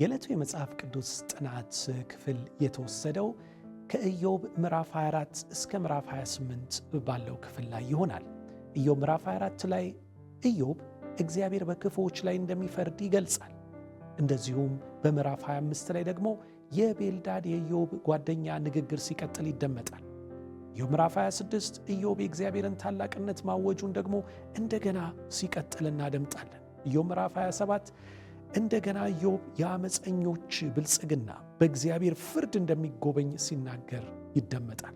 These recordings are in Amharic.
የዕለቱ የመጽሐፍ ቅዱስ ጥናት ክፍል የተወሰደው ከኢዮብ ምዕራፍ 24 እስከ ምዕራፍ 28 ባለው ክፍል ላይ ይሆናል። ኢዮብ ምዕራፍ 24 ላይ ኢዮብ እግዚአብሔር በክፉዎች ላይ እንደሚፈርድ ይገልጻል። እንደዚሁም በምዕራፍ 25 ላይ ደግሞ የቤልዳድ የኢዮብ ጓደኛ ንግግር ሲቀጥል ይደመጣል። ኢዮብ ምዕራፍ 26 ኢዮብ የእግዚአብሔርን ታላቅነት ማወጁን ደግሞ እንደገና ሲቀጥል እናደምጣለን። ኢዮብ ምዕራፍ 27 እንደገና ዮብ የአመፀኞች ብልጽግና በእግዚአብሔር ፍርድ እንደሚጎበኝ ሲናገር ይደመጣል።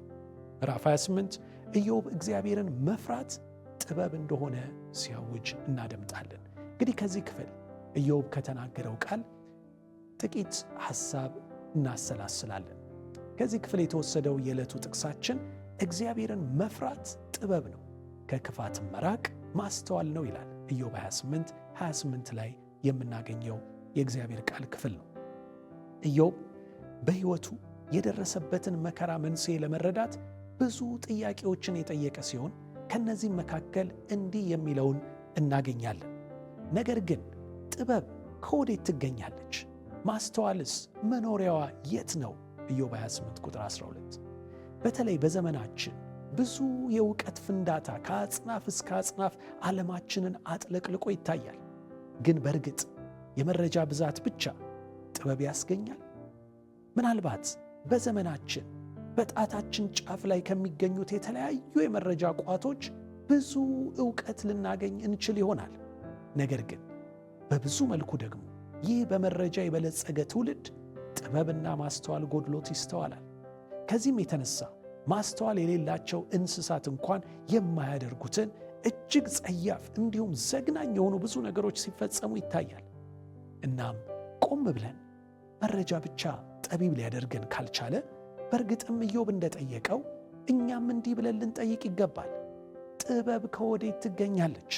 ምዕራፍ 28 ኢዮብ እግዚአብሔርን መፍራት ጥበብ እንደሆነ ሲያውጅ እናደምጣለን። እንግዲህ ከዚህ ክፍል ኢዮብ ከተናገረው ቃል ጥቂት ሐሳብ እናሰላስላለን። ከዚህ ክፍል የተወሰደው የዕለቱ ጥቅሳችን እግዚአብሔርን መፍራት ጥበብ ነው፣ ከክፋት መራቅ ማስተዋል ነው ይላል ኢዮብ 28 28 ላይ የምናገኘው የእግዚአብሔር ቃል ክፍል ነው። ኢዮብ በሕይወቱ የደረሰበትን መከራ መንስኤ ለመረዳት ብዙ ጥያቄዎችን የጠየቀ ሲሆን ከእነዚህም መካከል እንዲህ የሚለውን እናገኛለን። ነገር ግን ጥበብ ከወዴት ትገኛለች? ማስተዋልስ መኖሪያዋ የት ነው? ኢዮብ 28 ቁጥር 12። በተለይ በዘመናችን ብዙ የእውቀት ፍንዳታ ከአጽናፍ እስከ አጽናፍ ዓለማችንን አጥለቅልቆ ይታያል። ግን በእርግጥ የመረጃ ብዛት ብቻ ጥበብ ያስገኛል? ምናልባት በዘመናችን በጣታችን ጫፍ ላይ ከሚገኙት የተለያዩ የመረጃ ቋቶች ብዙ ዕውቀት ልናገኝ እንችል ይሆናል። ነገር ግን በብዙ መልኩ ደግሞ ይህ በመረጃ የበለጸገ ትውልድ ጥበብና ማስተዋል ጎድሎት ይስተዋላል። ከዚህም የተነሳ ማስተዋል የሌላቸው እንስሳት እንኳን የማያደርጉትን እጅግ ጸያፍ እንዲሁም ዘግናኝ የሆኑ ብዙ ነገሮች ሲፈጸሙ ይታያል። እናም ቆም ብለን መረጃ ብቻ ጠቢብ ሊያደርገን ካልቻለ በእርግጥም ኢዮብ እንደጠየቀው እኛም እንዲህ ብለን ልንጠይቅ ይገባል። ጥበብ ከወዴት ትገኛለች?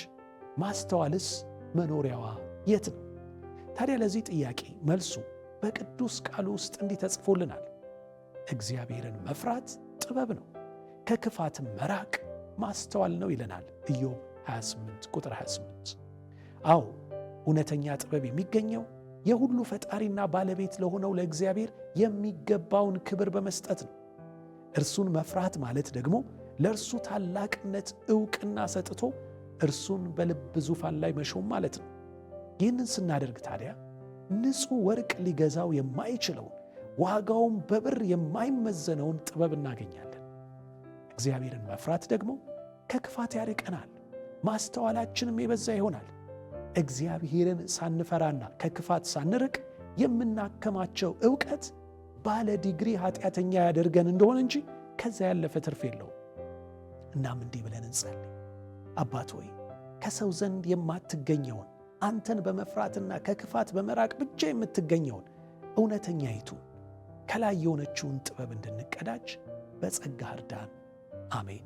ማስተዋልስ መኖሪያዋ የት ነው? ታዲያ ለዚህ ጥያቄ መልሱ በቅዱስ ቃሉ ውስጥ እንዲህ ተጽፎልናል። እግዚአብሔርን መፍራት ጥበብ ነው፣ ከክፋትም መራቅ ማስተዋል ነው ይለናል ኢዮብ 28 ቁጥር 28። አዎ እውነተኛ ጥበብ የሚገኘው የሁሉ ፈጣሪና ባለቤት ለሆነው ለእግዚአብሔር የሚገባውን ክብር በመስጠት ነው። እርሱን መፍራት ማለት ደግሞ ለእርሱ ታላቅነት እውቅና ሰጥቶ እርሱን በልብ ዙፋን ላይ መሾም ማለት ነው። ይህንን ስናደርግ ታዲያ ንጹሕ ወርቅ ሊገዛው የማይችለውን ዋጋውም በብር የማይመዘነውን ጥበብ እናገኛለን። እግዚአብሔርን መፍራት ደግሞ ከክፋት ያርቀናል፣ ማስተዋላችንም የበዛ ይሆናል። እግዚአብሔርን ሳንፈራና ከክፋት ሳንርቅ የምናከማቸው እውቀት ባለ ዲግሪ ኃጢአተኛ ያደርገን እንደሆነ እንጂ ከዛ ያለፈ ትርፍ የለውም። እናም እንዲህ ብለን እንጸልይ። አባት ሆይ ከሰው ዘንድ የማትገኘውን አንተን በመፍራትና ከክፋት በመራቅ ብቻ የምትገኘውን እውነተኛይቱ ከላይ የሆነችውን ጥበብ እንድንቀዳጅ በጸጋ እርዳን። 阿梅。